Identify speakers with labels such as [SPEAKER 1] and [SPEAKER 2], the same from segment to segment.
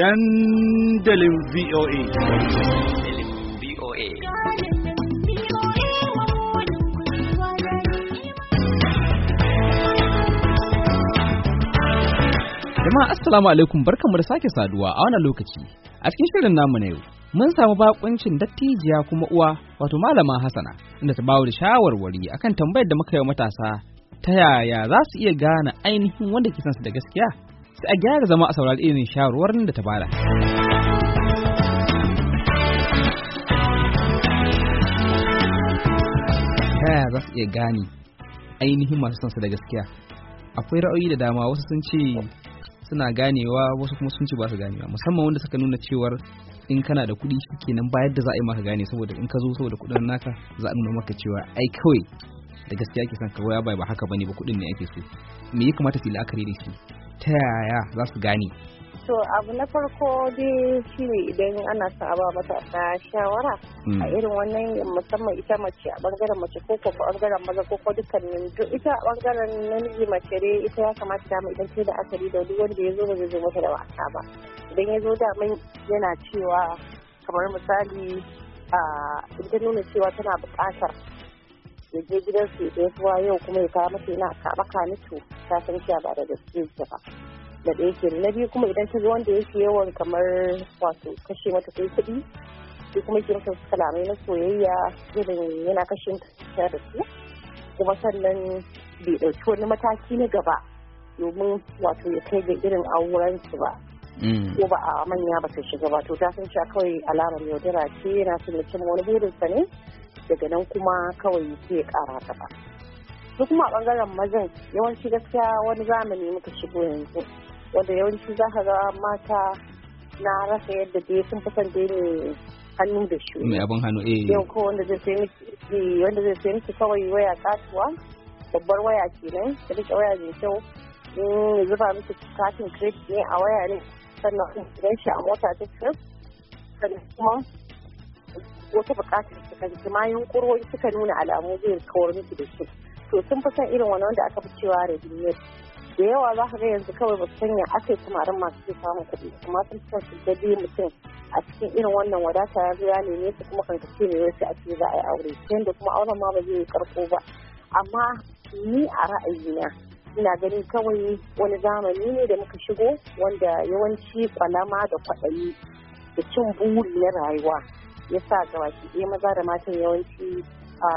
[SPEAKER 1] dandalin VOA. Dandalin VOA. Jama'a Assalamu alaikum barkanmu da sake saduwa a wannan lokaci. A cikin shirin namu na yau, mun samu bakuncin dattijiya kuma uwa wato malama Hassana inda ta bawo da shawarwari akan tambayar da muka yi matasa ta yaya za su iya gane ainihin wanda ke su da gaskiya sai a gyara zama a saurari irin shawarwarin da ta bada. Ta yaya za su iya gane ainihin masu sansa da gaskiya? Akwai ra'ayi da dama wasu sun ce suna ganewa wasu kuma sun ce ba su ganewa musamman wanda suka nuna cewar in kana da kuɗi nan bayar da za a yi maka gane saboda in ka zo saboda kuɗin naka za a nuna maka cewa ai kawai da gaskiya ke son ka goya bai ba haka bane ba kuɗin ne ake so me ya kamata su la'akari da shi ta yaya za su gane
[SPEAKER 2] to abu na farko dai shine idan ana sa a ba shawara hmm. a irin wannan musamman ita mace a bangaren mace ko ko bangaren maza ko ko dukkanin duk ita a bangaren namiji mace dai ita ya kamata dama idan ce da asali da duk wanda ya zo ba zai zo mata da wasa ba idan ya zo daman yana cewa kamar misali a ita nuna cewa tana buƙatar ya je gidansu ya yau kuma ya kawo mata yana kaɓa kanitu ta san cewa ba da gaske yake ba da ɗaya ke na biyu kuma idan ta zo wanda yake yawan kamar wato kashe mata kai kuɗi sai kuma ke masa kalamai na soyayya irin yana kashe ta da su kuma sannan bai ɗauki wani mataki na gaba domin wato ya kai ga irin auransu ba mm. ko ba a manya ba su shiga ba to ta san cewa kawai alamar yaudara ce yana son ya cimma wani burinsa ne daga nan kuma kawai sai ya ƙara gaba. su kuma a bangaren mazan yawanci gaskiya wani zamani muka shigo yanzu wanda yawanci za ka ga mata na rasa yadda dai sun fi son dai ne hannu da shi mai abin
[SPEAKER 1] hannu eh yau
[SPEAKER 2] ko wanda zai sai miki eh, wanda zai sai miki kawai waya kasuwa babbar waya kenan da rike waya mai kyau in zuba miki katin credit ne a waya ne sannan idan shi a mota ta ce sannan kuma wata bukatar ta kan ma yunkuro suka nuna alamu zai kawar miki da shi to sun fi son irin wani wanda aka fi cewa redimiyar da yawa za ka ga yanzu kawai ba su sanya aka yi tumarin masu ke samun kuɗi kuma sun fi son su gaji mutum a cikin irin wannan wadata ya zo ya neme su kuma kan kace ne wasu a ce za a yi aure yadda kuma auren ma ba zai yi karko ba amma ni a ra'ayina ina ganin kawai wani zamani ne da muka shigo wanda yawanci kwalama da kwaɗayi da cin buri na rayuwa ya sa gabaki ɗaya maza da matan yawanci a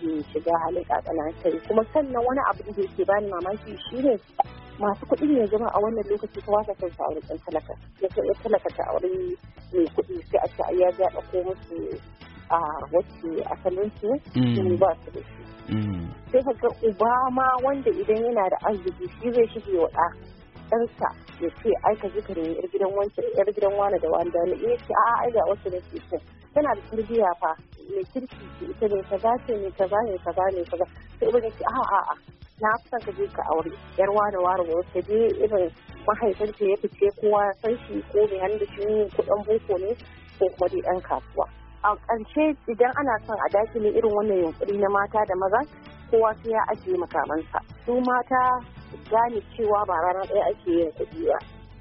[SPEAKER 2] suke shiga halin kai kuma sannan wani abu da yake bani mamaki shine masu kuɗi ne zama a wannan lokaci kuma ta kansa a wurin talaka ya talaka ta aure mai kuɗi sai a ce a ya ga ko musu a wacce asalin su mm. sun ba su da shi mm. sai ka ga uba ma wanda idan yana da arziki shi zai shige wa ɗa ɗansa ya ce ai ka ji yar gidan da yar gidan wani da wani da wani ya ce a'a ai ga wasu da ke can tana da tarbiyya fa mai kirki ce ita ne kaza ce ne kaza ne kaza ne kaza sai ubangiji ce a'a a'a na fi son ka je ka aure yar wani wani wani ka je irin mahaifinta ya fice kowa ya san shi ko mai hannu da shi kuɗin boko ne ko kuma dai ɗan kasuwa. a ƙarshe idan ana son a dakile irin wannan yunƙuri na mata da maza kowa sai ya ajiye makamansa su mata gane cewa ba rana ɗaya ake yin kuɗi ba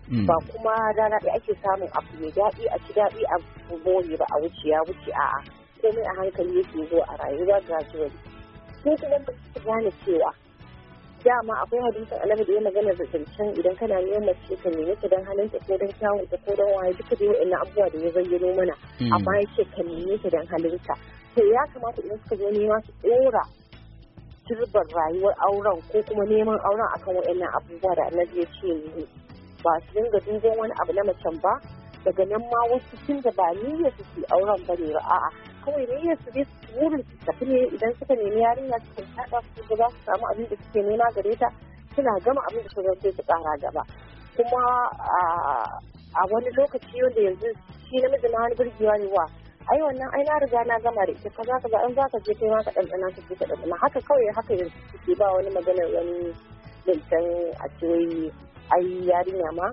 [SPEAKER 2] hmm. ba kuma rana ɗaya ake samun abu mai daɗi a ci daɗi a bori ba a wuce ya wuce a'a komai a hankali yake zo a rayuwa gradually sai kuma su gane cewa dama akwai hadisin alama da ya magana da zancen idan kana neman mace ka nemi ta don halinta ko don kyawun ta ko don waye duka da yawan abubuwa da ya zayyano mana hmm. amma ya ce ka nemi ta don halinta to ya kamata idan suka zo nema su ɗora Turbar rayuwar auren ko kuma neman auren akan waɗannan abubuwa da annabi ya ce ne ba su dinga duban wani abu na macen ba daga nan ma wasu sun da ba niyyar su ke auren ba ne ba a'a kawai niyyar su su burin su tafi ne idan suka nemi yarinya suka shaɗa su za su samu abin da suke nema gare ta suna gama abin da suka sai su ƙara gaba kuma a wani lokaci wanda yanzu shi namiji na wani burgewa ne wa ai wannan ai na riga na gama da ita kaza kaza an zaka je kai ma ka ɗanɗana ka je ka ɗanɗana haka kawai haka yanzu suke ba wani maganar wani zancen a ce ai yarinya ma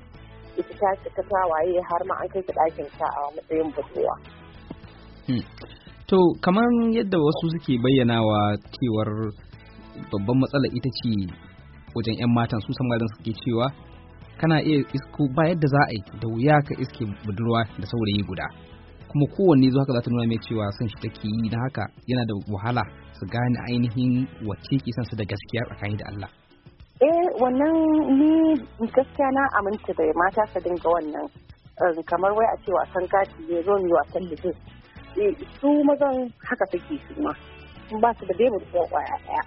[SPEAKER 2] ita ta cika ta waye har ma an kai ta ɗakin ta a matsayin budurwa.
[SPEAKER 1] Hmm. To kamar yadda wasu suke bayyanawa cewar babban matsala ita ce wajen 'yan matan su samarin suke cewa kana iya isko ba yadda za a yi da wuya ka iske budurwa da saurayi guda. kuma kowanne zuwa haka za ta nuna mai cewa son shi take yi na haka yana da wahala su gane ainihin wacce ke son su da gaskiya tsakani da Allah
[SPEAKER 2] eh wannan ni gaskiya na aminta da mata su dinga wannan eh, kamar wai a ce wasan gadi ne zo ni wasan da eh, su mazan haka take su ma ba su da dai da kwaya daya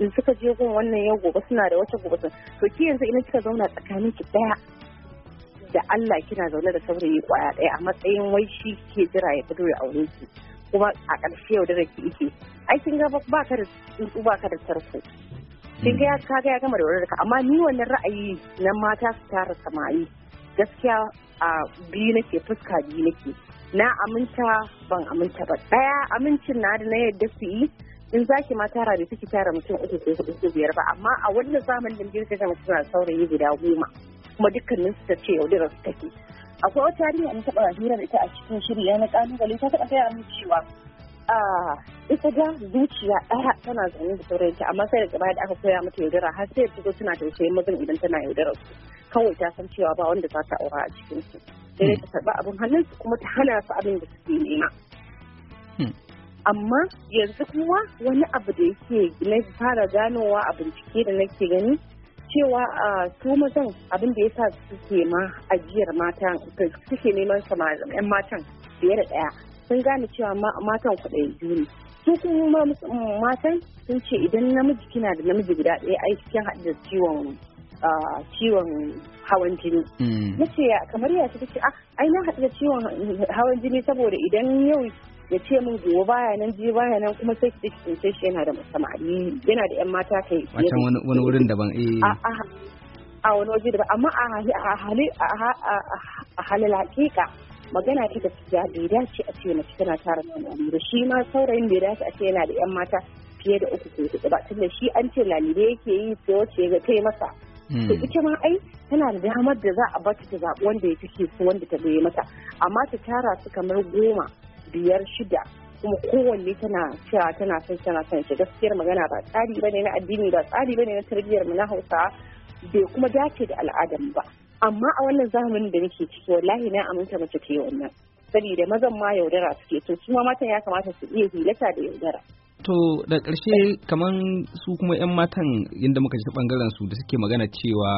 [SPEAKER 2] in suka je gun wannan yau gobe suna da wata gobe to ki yanzu ina kika zauna tsakanin ki daya da Allah kina zaune da saurayi kwaya ɗaya a matsayin wai shi ke jira ya fito ya aure ki kuma a ƙarshe yau da ki ike ai kin ga ba ka da tsuntsu ba ka da tarko kin ga ya ka ga ya gama da wurin ka amma ni wannan ra'ayi na mata su tara samari gaskiya a biyu nake fuska biyu nake na aminta ban aminta ba ɗaya amincin na da na yadda su yi in zaki ki ma tara da suke tara mutum uku ko hudu ko biyar ba amma a wannan zamanin da biyu ta mutum na saurayi guda goma kuma dukkanin su ta ce yaudararsu su take akwai wata yarinya da taɓa hira da ita a cikin shirya na kalubale ta taɓa gaya min cewa a ita da zuciya ɗaya tana zaune da sauran ta amma sai da gaba da aka koya mata yaudara har sai ta zo tana tausayin mazan idan tana yaudara su kawai ta san cewa ba wanda za ta aura a cikin su sai ta karɓa abin hannun su kuma ta hana su abin da suke nema hmm. amma yanzu kuma wani abu da yake na fara ganowa a bincike da nake gani cewa a su mazan abin da ya sa suke ma ajiyar matan suke neman yan matan biyar da ɗaya sun gane cewa matan kwaɗayi ne su kuma matan sun ce idan namiji kina da namiji guda ɗaya ai cikin haɗin ciwon ciwon hawan jini. Hmm. Na kamar ya ta ce ah, ai na haɗu da ciwon hawan jini saboda idan yau ya ce min gobe baya nan ji baya nan kuma sai ki sai shi yana da musamman yana da yan mata kai wacan
[SPEAKER 1] wani wurin daban eh
[SPEAKER 2] a wani waje daban amma a hali a a hali laƙiƙa magana ta gaskiya bai dace a ce mace tana tara samari da shi ma saurayin bai dace a ce yana da yan mata fiye da uku ko hudu ba tunda shi an ce lalibe yake yi sai wace ga kai masa hmm. to ita ma ai tana da damar da za a bata ta zaɓi wanda ya fi so wanda ta bai mata amma ta tara su kamar goma biyar shida kuma kowanne tana cewa tana son tana son shi gaskiyar magana ba tsari bane na addini ba tsari bane na tarbiyyar mu na Hausa bai kuma dace da al'adar ba amma a wannan zamanin da nake ciki wallahi na aminta mace ta yi wannan saboda mazan ma yaudara suke to su ma matan ya kamata su iya hilata da yaudara
[SPEAKER 1] To da ƙarshe kamar su kuma 'yan matan yadda muka ji ta bangaren su da suke magana cewa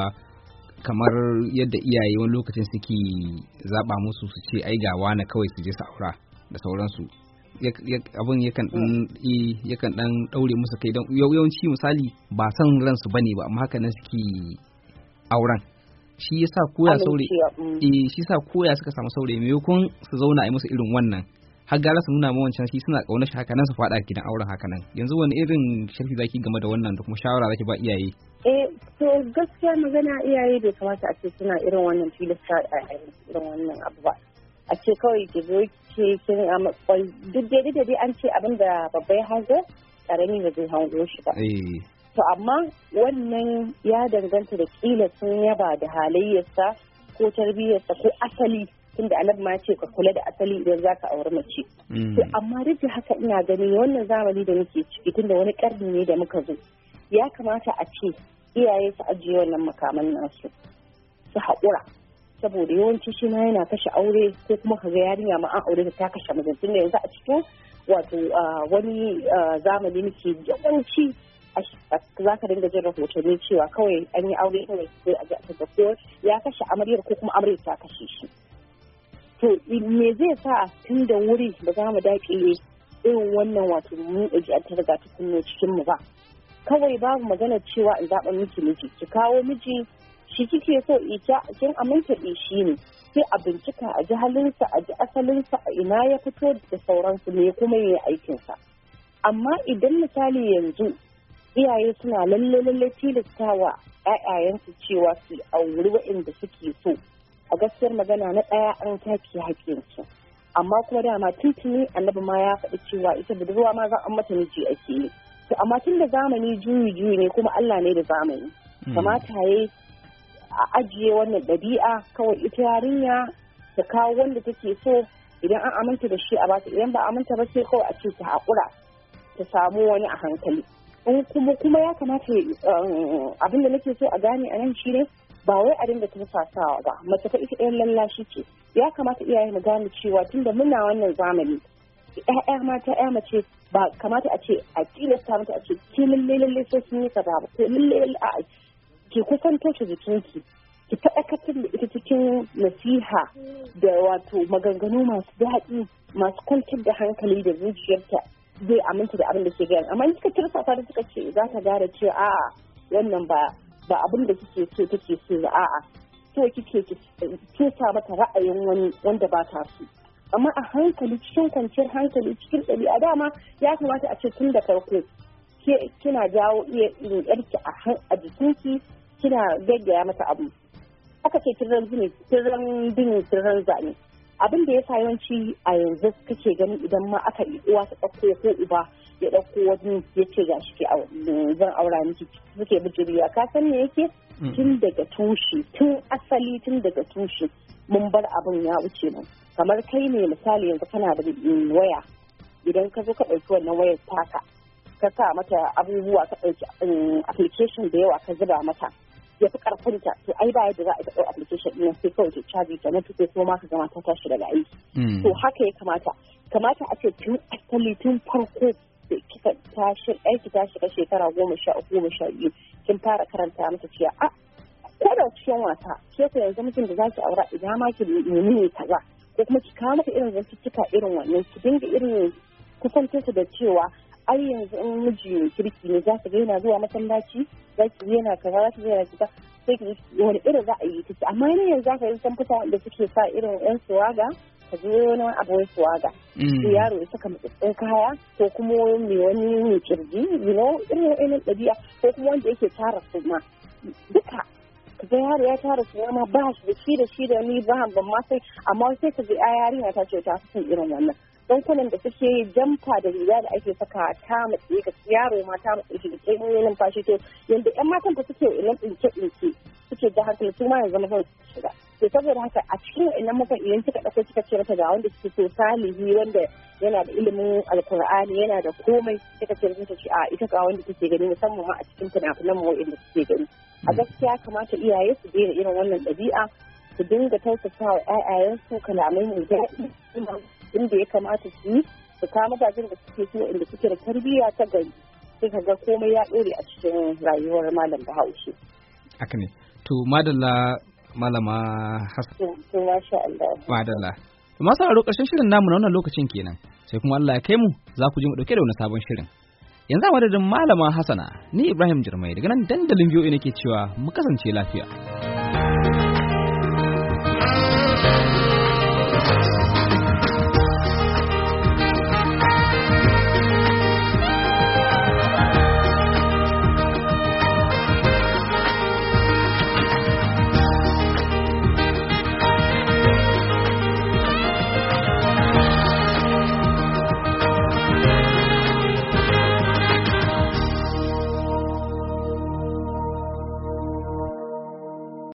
[SPEAKER 1] kamar yadda iyaye wani lokacin suke zaɓa musu su ce ai ga wani kawai su je su aura da sauransu abin yakan yakan dan daure musu kai don yawanci misali ba san ransu bane ba amma haka nan suke auren shi yasa koya saure mm. eh shi yasa koya suka samu saure maimakon su zauna a yi musu irin wannan har gara su nuna can shi suna kauna shi haka nan su fada gidan auren haka nan yanzu wani irin sharhi zaki game da wannan da kuma shawara zaki ba iyaye
[SPEAKER 2] eh to gaskiya magana iyaye bai kamata a ce suna irin wannan tilasta a irin wannan abu ba a ce kawai ki zo ke kin a duk dai duk dai an ce abin da babba ya hango karami ba zai hango shi ba eh. to amma wannan ya danganta da kila sun yaba da halayyarsa ko tarbiyyarsa ko asali tunda da ma ce ka kula da asali idan za ka auri mace. Mm. To amma duk da haka ina gani wannan zamani da muke ciki tunda wani karni ne da muka zo ya kamata a ce iyaye su ajiye wannan makaman nasu su haƙura saboda yawanci shi ma yana kashe aure ko kuma ga yarinya ma an aure da ta kashe mijin tunda yanzu a cikin wato wani zamani muke yawanci za ka dinga jin rahotanni cewa kawai an yi aure kawai sai a ga ya kashe amaryar ko kuma amarya ta kashe shi to me zai sa tun da wuri ba za mu dakile irin wannan wato mu ji an ta ta kunne cikin mu ba kawai babu magana cewa in zaɓa miki miji ki kawo miji shi kike so ita kin aminta da shi ne sai a bincika a ji halinsa a ji asalinsa a ina ya fito da sauransu ne kuma ya yi aikinsa amma idan misali yanzu iyaye suna lalle lalle tilastawa su cewa su auri waɗanda suke so a gaskiyar magana na ɗaya an take su amma kuma dama titini annabi ma ya faɗi cewa ita budurwa ma za a mata miji ake yi to amma tun da zamani juyi juyi ne kuma Allah ne da zamani hmm. kamata yayi a ajiye wannan ɗabi'a kawai ita yarinya ta kawo wanda take so idan an aminta da shi a bata idan ba aminta ba sai kawai a ce ta haƙura ta samu wani a hankali in kuma kuma ya kamata um, abin da nake so a gane a nan shi ne ba wai a dinga turfasawa ba mace ta ita ɗayan lallashi ce ya kamata iyaye mu gane cewa tunda muna wannan zamani ƴaƴa mata ƴa mace ba kamata a ce a tilasta mata a ce ke lalle lalle sai sun yi kaza ba ko lalle lalle ke kusanto ta jikinki ki faɗakatar da ita cikin nasiha da wato maganganu masu daɗi masu kwantar da hankali da zuciyarta zai aminta da abin da ke gani amma kika tirsafa da suka ce za ta gara ce a'a wannan ba ba abin da kike so take so ba a'a so kike ki sa mata ra'ayin wani wanda ba ta so amma a hankali cikin kwanciyar hankali cikin ɗari ɗabi'a dama ya kamata a ce tun da farko kina jawo iya yarki a jikinki kina gaggaya mata abu aka ce tiran zini tiran zane abin da ya sa yawanci a yanzu kake ganin idan ma aka yi uwa ta ɗauko ko uba ya ɗauko wani ya ce ga shi ke zan aura miki suke bijiriya ka san me yake mm. tun daga tushe tun asali tun daga tushe mun bar abin ya wuce mu kamar kai ne misali yanzu kana da waya idan ka zo ka ɗauki wannan wayar taka ka sa mata abubuwa ka ɗauki mm, application da yawa ka zuba mata ya fi ta to ai ba yadda za a ɗau application ɗin sai kawai ta caji ta na tuke ko ma ka gama ta tashi daga aiki hmm. to haka ya kamata kamata a ce tun asali tun farko da kika tashi aiki ta shiga shekara goma sha uku goma sha biyu kin fara karanta mata cewa a ah, ko da cikin wasa ke ku yanzu mutum da zaki aura idan ma ki nemi ne kaza ko kuma ki kawo mata irin zantuttuka irin wannan ki dinga irin kusantarsa da cewa ai yanzu in miji kirki ne za ka ga yana zuwa masallaci za ki yana kaza za ki yana kaza sai ki wani irin ra'ayi take amma yana yanzu za ka yi san fita wanda suke sa irin yan suwaga ka je wani abin suwaga da mm. yaro ya saka matsatsin kaya ko kuma mai wani mai kirji you know irin wa'annan ɗabi'a ko kuma wanda yake tara suna, duka ka yaro ya tara su ma ba shi da shi da shi da ni ba ban ma sai amma sai ka ga yarinya ta ce ta fi irin wannan ɗankunan da suke jamfa da riga da ake saka ta matsayi ga yaro ma ta matsayi da ke numfashi to yanda yan matan da suke ilan ɗinke ɗinke suke da hankali su ma yanzu mafi shiga to saboda haka a cikin ilan mafi idan kika ɗauko kika ce mata ga wanda suke so salihi wanda yana da ilimin alkur'ani yana da komai kika ce mata shi a ita ga wanda kike gani musamman ma a cikin fina-finan mu wanda suke gani a gaskiya kamata iyaye su daina irin wannan ɗabi'a su dinga tausasa wa 'ya'yayensu kalamai mai daɗi inda ya kamata su yi su kama mazajen da suke so inda suke da tarbiyya ta gari sai ka ga komai ya ɗore a cikin rayuwar malam bahaushe.
[SPEAKER 1] haka ne to madalla malama hasan madalla to masu haro ƙarshen shirin namu na wannan lokacin kenan sai kuma Allah ya kai mu za ku ji mu ɗauke da wani sabon shirin yanzu a madadin malama hasana ni Ibrahim Jirmai daga nan dandalin biyo ke cewa mu kasance lafiya